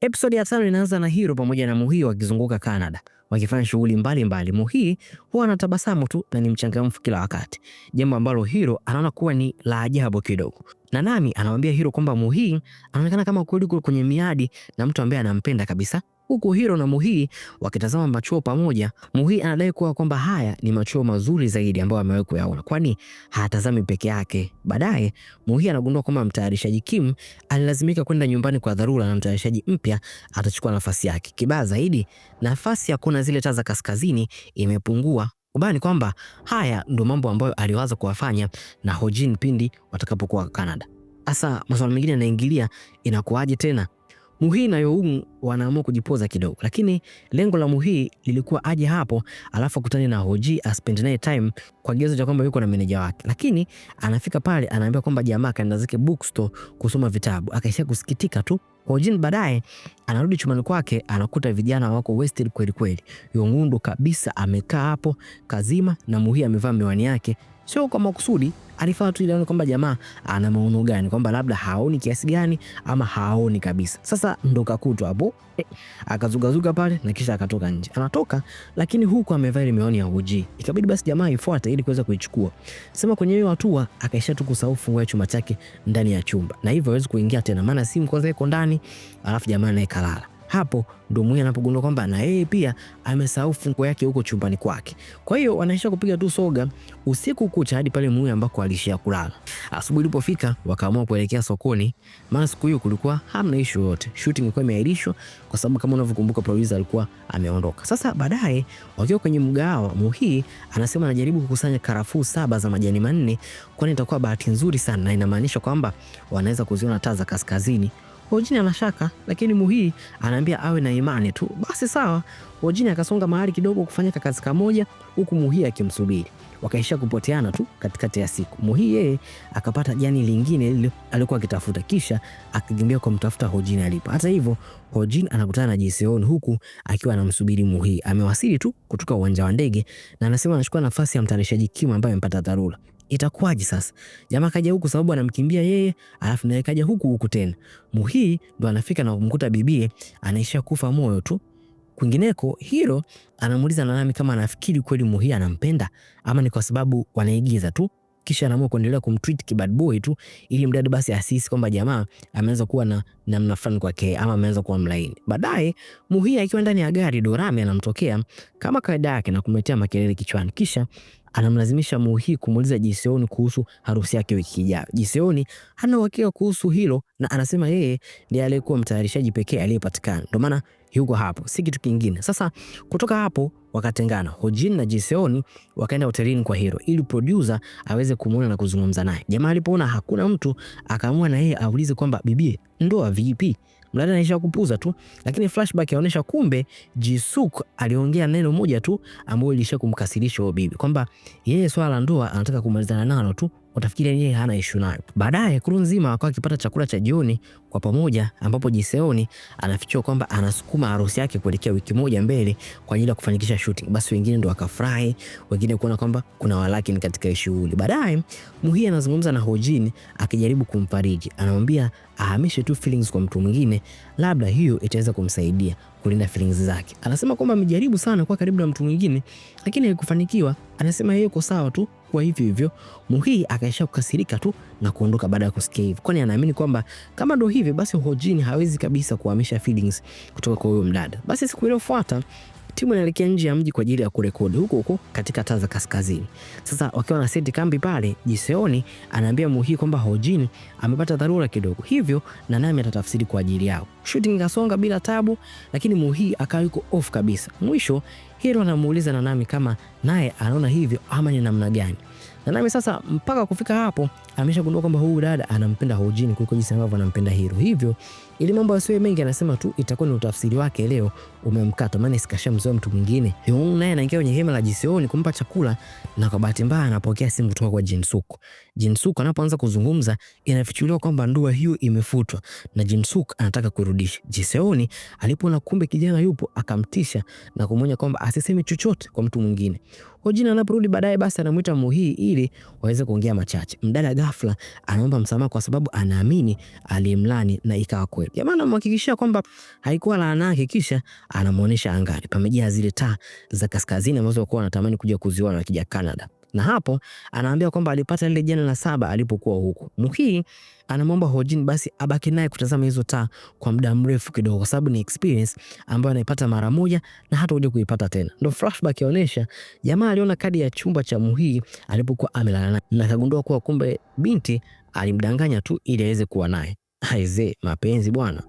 Episodi ya tano inaanza na Hiro pamoja na Muhii wakizunguka Canada wakifanya shughuli mbalimbali. Muhii huwa anatabasamu tu na ni mchangamfu kila wakati, jambo ambalo Hiro anaona kuwa ni la ajabu kidogo. Na nami anamwambia Hiro kwamba Muhii anaonekana kama kweli kwenye miadi na mtu ambaye anampenda kabisa huku Hiro na Muhii wakitazama machuo pamoja. Muhii anadai kuwa kwamba haya ni machuo mazuri zaidi ambayo amewahi kuyaona, kwani hatazami peke yake. Baadaye Muhii anagundua kwamba mtayarishaji Kim alilazimika kwenda nyumbani kwa dharura na mtayarishaji mpya atachukua nafasi yake. Kibaya zaidi, nafasi ya kuona zile taa za kaskazini imepungua. Ubaya ni kwamba haya ndio mambo ambayo aliwaza kuwafanya na Hojin pindi watakapokuwa Canada. Sasa maswala mengine yanaingilia, inakuwaje tena Muhii na Young wanaamua kujipoza kidogo, lakini lengo la Muhii lilikuwa aje hapo alafu akutane na Hoji aspend naye time kwa gezo cha kwamba yuko na meneja wake, lakini anafika pale anaambia kwamba jamaa kaenda zake bookstore kusoma vitabu, akaishia kusikitika tu. Hojin baadaye anarudi chumani kwake, anakuta vijana wako wasted kweli kweli. Yongundo kabisa amekaa hapo kazima na Muhii amevaa miwani yake sio kwa makusudi, alifanya tu ili kwamba jamaa ana maono gani, kwamba labda haoni kiasi gani ama haoni kabisa. Sasa ndo kakutwa hapo eh, akazugazuga pale na kisha akatoka nje. Anatoka lakini huku amevaa ile miwani ya OG. Ikabidi basi jamaa ifuate ili kuweza kuichukua. Sema kwenye hiyo hatua akaisha tu kusahau funguo ya chuma chake ndani ya chumba. Na hivyo hawezi kuingia tena maana simu kwanza iko ndani, alafu jamaa naye kalala. Hapo ndo Mwi anapogundua kwamba na yeye pia amesahau funguo yake huko chumbani kwake. Kwa hiyo wanaisha kupiga tu soga usiku kucha hadi pale Mwi ambako alishia kulala. Asubuhi ilipofika, wakaamua kuelekea sokoni, maana siku hiyo kulikuwa hamna issue yote. Shooting ilikuwa imeahirishwa kwa sababu kama unavyokumbuka producer alikuwa ameondoka. Sasa baadaye wakiwa kwenye mgahawa, Muhii anasema anajaribu kukusanya karafuu saba za majani manne, kwani itakuwa bahati nzuri sana na inamaanisha kwamba wanaweza kuziona taa za kaskazini Wojini anashaka, lakini Muhii anaambia awe na imani tu. Basi sawa. Wojini akasonga mahali kidogo kufanya kazi kamoja, huku Muhii akimsubiri. Wakaisha kupoteana tu katikati ya siku. Muhii yeye akapata jani lingine lile alikuwa akitafuta, kisha akikimbia kumtafuta Hojini alipo. Hata hivyo, Hojini anakutana na Jiseon huku akiwa anamsubiri Muhii. Amewasili tu kutoka uwanja wa ndege na anasema anachukua nafasi ya mtarishaji Kim ambaye amepata dharura. Itakuwaje sasa? Jamaa kaja huku sababu anamkimbia yeye, alafu naye kaja huku huku tena. Muhii ndo anafika na kumkuta bibie anaishia kufa moyo tu. Kwingineko hilo anamuuliza Nanami kama anafikiri kweli Muhii anampenda ama ni kwa sababu wanaigiza tu kisha anaamua kuendelea kumtreat kibad boy tu, ili mdada basi asisi kwamba jamaa ameanza kuwa na namna fulani kwake ama ameanza kuwa mlaini. Baadaye Muhia akiwa ndani ya gari, Dorame anamtokea kama kawaida yake na kumletea makelele kichwani, kisha anamlazimisha Muhi kumuuliza Jiseoni kuhusu harusi yake wiki ijayo. Jiseoni hana uhakika kuhusu hilo na anasema yeye ndiye aliyekuwa mtayarishaji pekee aliyepatikana, ndio maana yuko hapo, si kitu kingine. Sasa kutoka hapo wakatengana, Hojin na Jiseon wakaenda hotelini kwa Hiro ili producer aweze kumuona na kuzungumza naye. Jamaa alipoona hakuna mtu, akaamua na yeye aulize kwamba bibie, ndoa vipi? Mlada anaisha kupuza tu, lakini flashback yaonyesha kumbe Jisuk aliongea neno moja tu ambayo ilisha kumkasirisha huyo bibi kwamba yeye swala la ndoa anataka kumalizana nalo tu, utafikiria yeye hana ishu nayo. Baadaye kuru nzima wakawa akipata chakula cha jioni kwa pamoja, ambapo Jiseoni anafichua kwamba anasukuma harusi yake kuelekea wiki moja mbele kwa ajili ya kufanikisha shooting. Basi wengine ndo wakafurahi, wengine kuona kwamba kuna walakini katika hili. Baadaye Muhi anazungumza na Hojin akijaribu kumfariji, anamwambia ahamishe tu feelings kwa mtu mwingine, labda hiyo itaweza kumsaidia kulinda feelings zake. Anasema kwamba amejaribu sana kwa karibu na mtu mwingine, lakini haikufanikiwa. Anasema yeye yuko sawa tu kuwa hivyo hivyo. Muhii akaisha kukasirika tu na kuondoka baada ya kusikia hivyo, kwani anaamini kwamba kama ndo hivyo basi Hojin hawezi kabisa kuhamisha feelings kutoka kwa huyo mdada. Basi siku iliyofuata Timu inaelekea nje ya mji kwa ajili ya kurekodi huko huko katika taa za Kaskazini. Sasa wakiwa na seti kambi pale, Jiseoni anaambia Muhi kwamba Hojini amepata dharura kidogo, hivyo na nami atatafsiri kwa ajili yao. Shooting ikasonga bila tabu, lakini Muhi akawa yuko off kabisa. Mwisho Hero anamuuliza Nanami kama naye anaona hivyo ama ni namna gani. Nanami sasa mpaka kufika hapo ameshagundua kwamba huyu dada anampenda Hojin kuliko jinsi ambavyo anampenda Hiro. Hivyo ili mambo yasiwe mengi, anasema tu itakuwa ni utafsiri wake leo umemkata, maana sikashamzoea mtu mwingine. Hyung naye anaingia kwenye hema la jiseoni kumpa chakula, na kwa bahati mbaya anapokea simu kutoka kwa Jinsuku. Jinsuku anapoanza kuzungumza, inafichuliwa kwamba ndoa hiyo imefutwa na Jinsuku anataka kurudisha. Jiseoni alipoona kumbe kijana yupo, akamtisha na kumwonya kwamba asiseme chochote kwa mtu mwingine. Hojin anaporudi baadaye, basi anamuita Muhii ili waweze kuongea machache. Mdada ghafla anaomba msamaha kwa sababu anaamini alimlani na ikawa kweli. Jamaa anamhakikishia kwamba haikuwa laana yake, kisha anamwonyesha angani pamejaa zile taa za kaskazini ambazo walikuwa wanatamani kuja kuziona wakija Canada na hapo anaambia kwamba alipata lile jana la saba alipokuwa huko. Muhii anamwomba Hojin basi abaki naye kutazama hizo taa kwa muda mrefu kidogo, kwa sababu ni experience ambayo anaipata mara moja na hata huja kuipata tena. Ndo flashback yaonesha jamaa aliona kadi ya chumba cha Muhii alipokuwa amelala naye na kagundua kuwa kumbe binti alimdanganya tu ili aweze kuwa naye. Aize mapenzi bwana.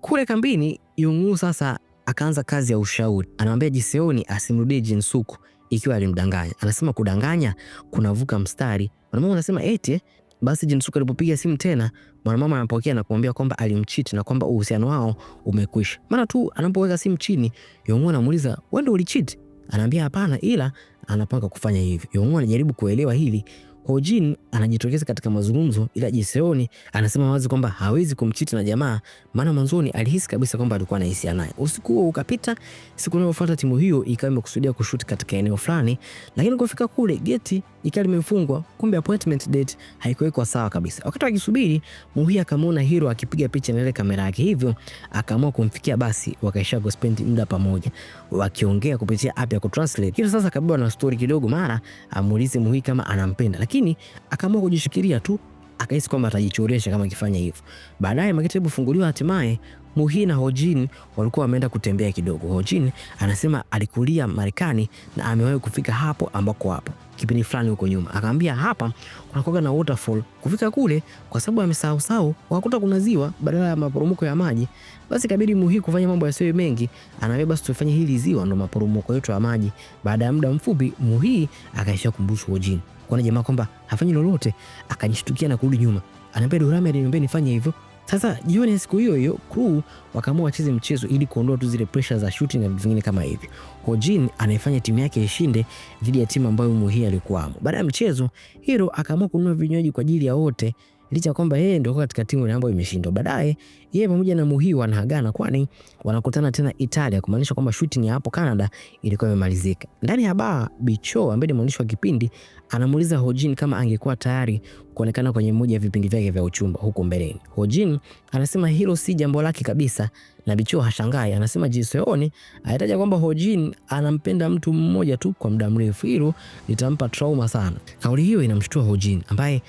Kule kambini Yung'u sasa akaanza kazi ya ushauri, anamwambia Jiseoni asimrudie Jinsuku ikiwa alimdanganya. Anasema kudanganya kunavuka mstari. Mwanamama anasema eti basi Jinsuka alipopiga simu tena, mwanamama anapokea na kumwambia kwamba alimchiti na kwamba uhusiano wao umekwisha. Mara tu anapoweka simu chini, Yong'u anamuuliza wewe ndio ulichiti? Anaambia hapana, ila anapanga kufanya hivyo. Yong'u anajaribu kuelewa hili hojin anajitokeza katika mazungumzo, ila Jiseoni anasema wazi kwamba hawezi kumchiti na jamaa, maana mwanzoni alihisi kabisa kwamba alikuwa na hisia naye. Usiku huo ukapita, siku inayofuata timu hiyo ikawa imekusudia kushuti katika eneo fulani, lakini kufika kule geti jikali limefungwa, kumbe appointment date haikuwekwa sawa kabisa. Wakati wakisubiri, Muhi akamwona Hiro akipiga picha na ile kamera yake, hivyo akaamua kumfikia. Basi wakaisha kuspend muda pamoja wakiongea kupitia app ya kutranslate. Hiro sasa akabebwa na story kidogo, mara amuulize Muhi kama anampenda, lakini akaamua kujishikilia tu akahisi kwamba atajichoresha kama akifanya hivyo. Baadaye maktaba ilifunguliwa, hatimaye Muhi na Hojin walikuwa wameenda kutembea kidogo. Hojin anasema alikulia Marekani na amewahi kufika hapo ambako hapo kipindi fulani huko nyuma, akaambia hapa kunakuwa na waterfall. Kufika kule, kwa sababu amesahausahau wakakuta kuna ziwa badala ya maporomoko ya maji, basi kabidi muhi kufanya mambo yasiyo mengi, anaambia basi tufanye hili ziwa ndo maporomoko yetu ya maji. Baada ya muda mfupi, muhi akaisha kumbusu Ojin kuona jamaa kwamba hafanyi lolote, akajishtukia na kurudi nyuma, anaambia Dorame aliniambia nifanye hivyo sasa jioni ya siku hiyo hiyo crew wakaamua wacheze mchezo ili kuondoa tu zile pressure za shooting na vitu vingine kama hivyo. Hojin anaifanya timu yake ishinde dhidi ya timu ambayo Muhi alikuwamo. Baada ya mchezo, Hiro akaamua kununua vinywaji kwa ajili ya wote licha ya kwamba yeye ndio katika timu ile ambayo imeshindwa. Baadaye yeye pamoja na Muhii wanaagana, kwani wanakutana tena Italia, kumaanisha kwamba shooting ya hapo Canada ilikuwa imemalizika. Ndani ya baa, Bicho ambaye ni mwandishi wa kipindi anamuuliza Hojin kama angekuwa tayari kuonekana kwenye moja ya vipindi vyake vya uchumba huko mbeleni. Hojin anasema hilo si jambo lake kabisa, na Bicho hashangai, anasema Jiseon alitaja kwamba Hojin anampenda mtu mmoja tu kwa muda mrefu, hilo litampa trauma sana. Kauli hiyo inamshtua Hojin ambaye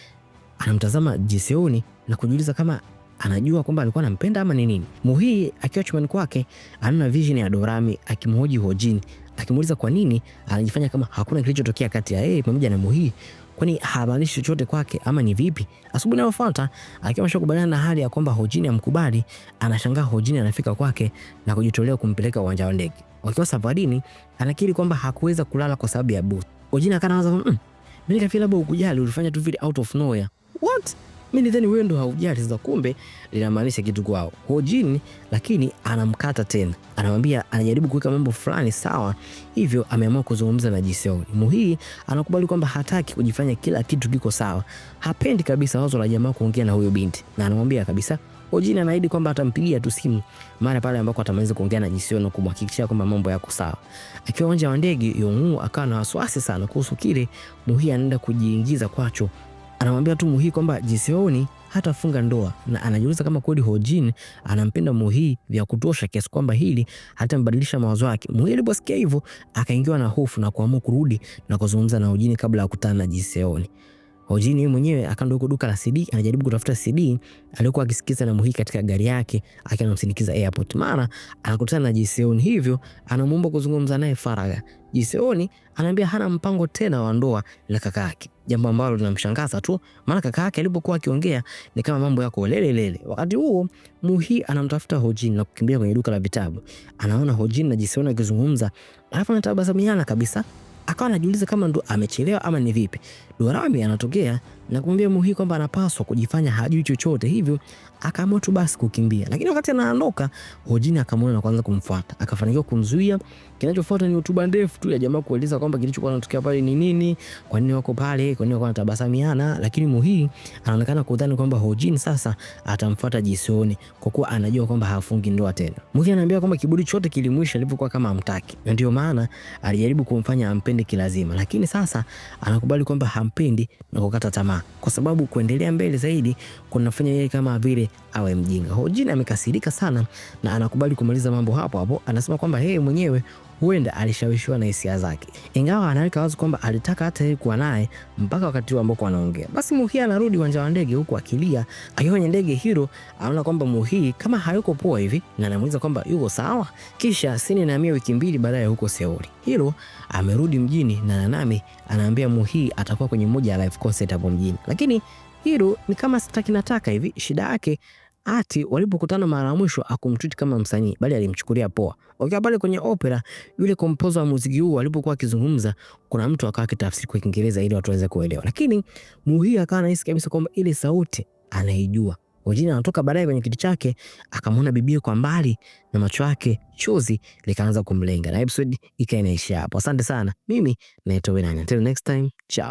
anamtazama jiseuni na kujiuliza kama anajua kwamba alikuwa anampenda ama ni nini. Muhii akiwa chumbani kwake anaona vision ya Dorami akimhoji Hojin akimuuliza kwa nini anajifanya kama hakuna kilichotokea kati ya yeye pamoja na Muhii, kwani hamaanishi chochote kwake ama ni vipi? Asubuhi inayofuata akiwa ameshakubaliana na hali ya kwamba Hojin amkubali, anashangaa Hojin anafika kwake na kujitolea kumpeleka uwanja wa ndege. Wakiwa safarini, anakiri kwamba hakuweza kulala kwa sababu ya booth. Hojin akanawaza mm, mimi kafikiri labda ukujali ulifanya tu vile out of nowhere what? Mimi nidhani wewe ndo haujali. Sasa kumbe linamaanisha kitu kwao Hojin, lakini anamkata tena, anamwambia anajaribu kuweka mambo fulani sawa, hivyo ameamua kuzungumza na Jiseo. Muhii anakubali kwamba hataki kujifanya kila kitu kiko sawa, hapendi kabisa wazo la jamaa kuongea na huyo binti, na anamwambia kabisa Hojin anaahidi kwamba atampigia tu simu mara pale ambako atamaliza kuongea na Jiseo na kumhakikishia kwamba mambo yako sawa. Akiwa uwanja wa ndege, Yong'u akawa na wasiwasi sana kuhusu kile Muhi anaenda kujiingiza kwacho anamwambia tu Muhii kwamba Jiseoni hatafunga ndoa na anajiuliza kama kweli Hojin anampenda Muhii vya kutosha kiasi kwamba hili hatambadilisha mawazo yake. Muhii aliposikia hivyo akaingiwa na hofu na kuamua kurudi na kuzungumza na Hojin kabla ya kukutana na Jiseoni. Ojini yeye mwenyewe akaenda huko duka la CD, anajaribu kutafuta CD aliyokuwa akisikiza na Muhiki katika gari yake akiwa anamsindikiza airport. Mara anakutana na Jiseon, hivyo anamuomba kuzungumza naye faraga. Jiseon anaambia hana mpango tena wa ndoa na kaka yake, jambo ambalo linamshangaza tu, maana kaka yake alipokuwa akiongea ni kama mambo yako lele lele. Wakati huo Muhii anamtafuta Hojini na kukimbia kwenye duka la vitabu, anaona Hojini na Jiseon akizungumza, alafu anatabasamiana kabisa akawa anajiuliza kama ndo amechelewa ama ni vipi. Dorami anatokea na kumwambia Muhii kwamba anapaswa kujifanya hajui chochote, hivyo akaamua tu basi kukimbia, lakini wakati anaondoka Hojini akamwona na kuanza kumfuata, akafanikiwa kumzuia. Kinachofuata ni hotuba ndefu tu ya jamaa kueleza kwamba kilichokuwa kinatokea pale ni nini, kwa nini wako pale, kwa nini wako wanatabasamiana, lakini Muhii anaonekana kudhani kwamba Hojini sasa atamfuata Jisoni kwa kuwa anajua kwamba hafungi ndoa tena. Muhii anaambia kwamba kiburi chote kilimwisha alipokuwa kama amtaki, na ndio maana alijaribu kumfanya ampende kilazima, lakini sasa anakubali kwamba hampendi na kukata tamaa, kwa sababu kuendelea mbele zaidi kunafanya yeye kama vile awe mjinga. Hojin amekasirika sana na anakubali kumaliza mambo hapo hapo. Anasema kwamba yeye mwenyewe huenda alishawishiwa na hisia zake, ingawa anaweka wazi kwamba alitaka hata yeye kuwa naye mpaka wakati huo ambapo anaongea. Basi Muhi anarudi uwanja wa ndege huku akilia. Akiwa ndege, hilo anaona kwamba Muhi kama hayuko poa hivi na anamuuliza kwamba yuko sawa. Kisha Sini na Amia wiki mbili baadaye huko Seoul. Hilo amerudi mjini na Nanami anaambia Muhi atakuwa kwenye moja ya live concert hapo mjini, lakini Hiru ni kama sitaki nataka hivi. Shida yake ati walipokutana mara ya mwisho akumtreat kama msanii, bali alimchukulia poa. Wakiwa pale kwenye opera, yule kompoza wa muziki huu alipokuwa akizungumza, kuna mtu akawa akitafsiri kwa Kiingereza ili watu waweze kuelewa, lakini Muhia akawa anahisi kabisa kwamba ile sauti anaijua. Wengine anatoka baadaye kwenye kiti chake akamwona bibie kwa mbali na macho yake chozi likaanza kumlenga na episode ikaenaisha hapo. Asante sana, mimi naitwa Wenani, until next time, ciao.